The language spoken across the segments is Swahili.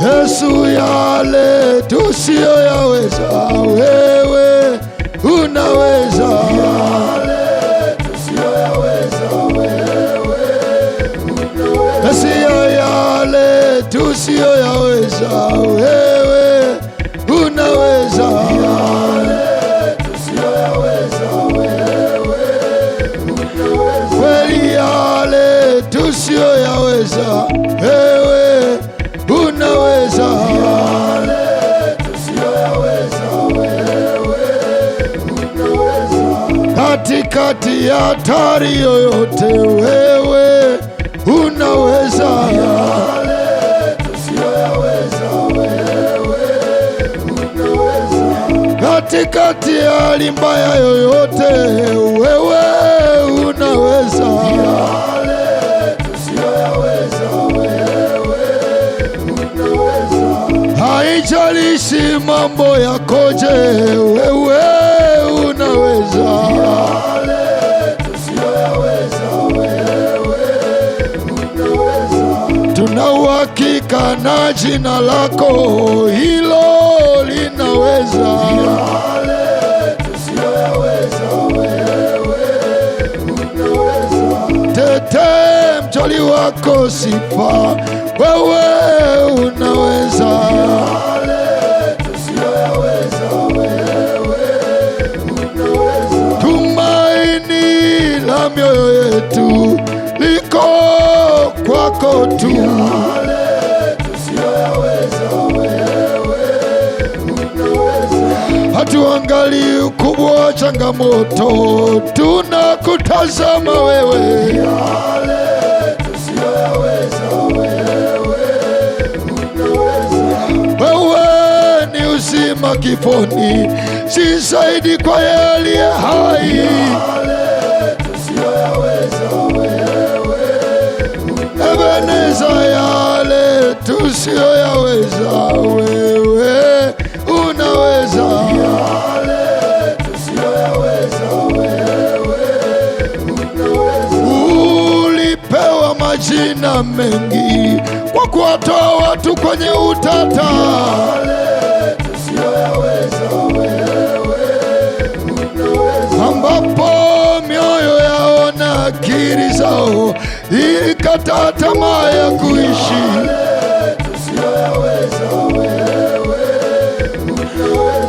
Yesu, yale tusiyoyaweza wewe unaweza, Yesu, yale tusiyoyaweza wewe katikati ya hatari yoyote, wewe unaweza Katikati ya hali mbaya yoyote, wewe unaweza Haijalishi mambo yakoje, wewe unaweza Nina uhakika na jina lako hilo linaweza Tetee mjoli wako sifa, wewe unaweza tumaini la mioyo yetu liko yako tu hatuangali ukubwa wa changamoto, tunakutazama wewe uzima kifoni si zaidi kwa yali aliye hai. kanisa yale tusiyoyaweza, wewe unaweza wewe unaweza. Ulipewa majina mengi kwa kuwatoa watu kwenye utata yale dhamiri zao, ili kata tamaa ya kuishi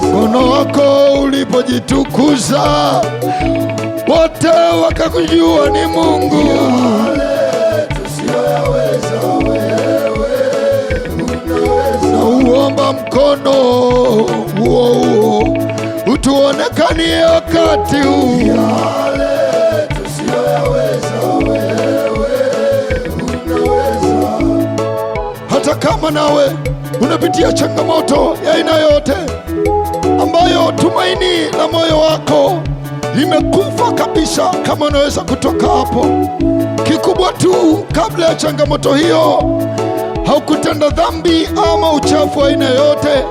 mkono wako ulipojitukuza, wote wakakujua ni Mungu. Uomba mkono huo huo utuonekanie wakati huu kama nawe unapitia changamoto ya aina yote ambayo tumaini la moyo wako limekufa kabisa, kama unaweza kutoka hapo, kikubwa tu, kabla ya changamoto hiyo haukutenda dhambi ama uchafu wa aina yote,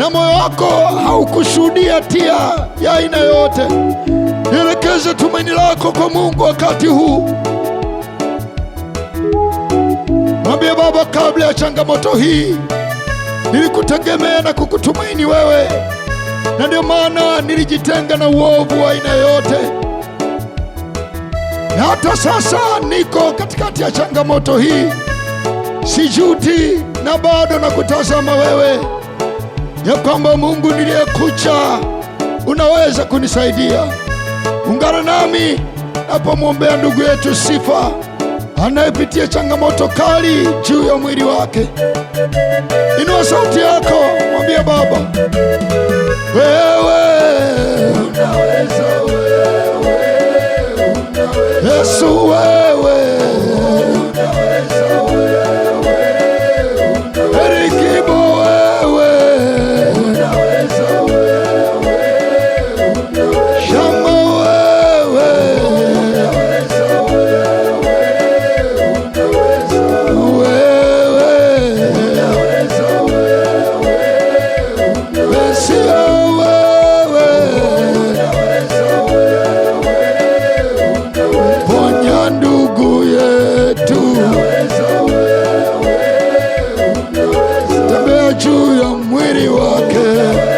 na moyo wako haukushuhudia tia ya aina yote, nielekeze tumaini lako kwa Mungu wakati huu. Mwambie Baba, kabla ya changamoto hii nilikutegemea na kukutumaini wewe, na ndio maana nilijitenga na uovu wa aina yote, na hata sasa niko katikati ya changamoto hii, sijuti na bado na kutazama wewe, ya kwamba Mungu niliyekucha unaweza kunisaidia. Ungana nami napomwombea ndugu yetu Sifa anayepitia changamoto kali juu ya mwili wake. Inua sauti yako, mwambie Baba, wewe unaweza, wewe unaweza, Yesu wewe Yeah.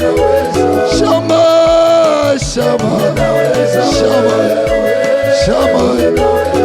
Shama, shama, shama, shama.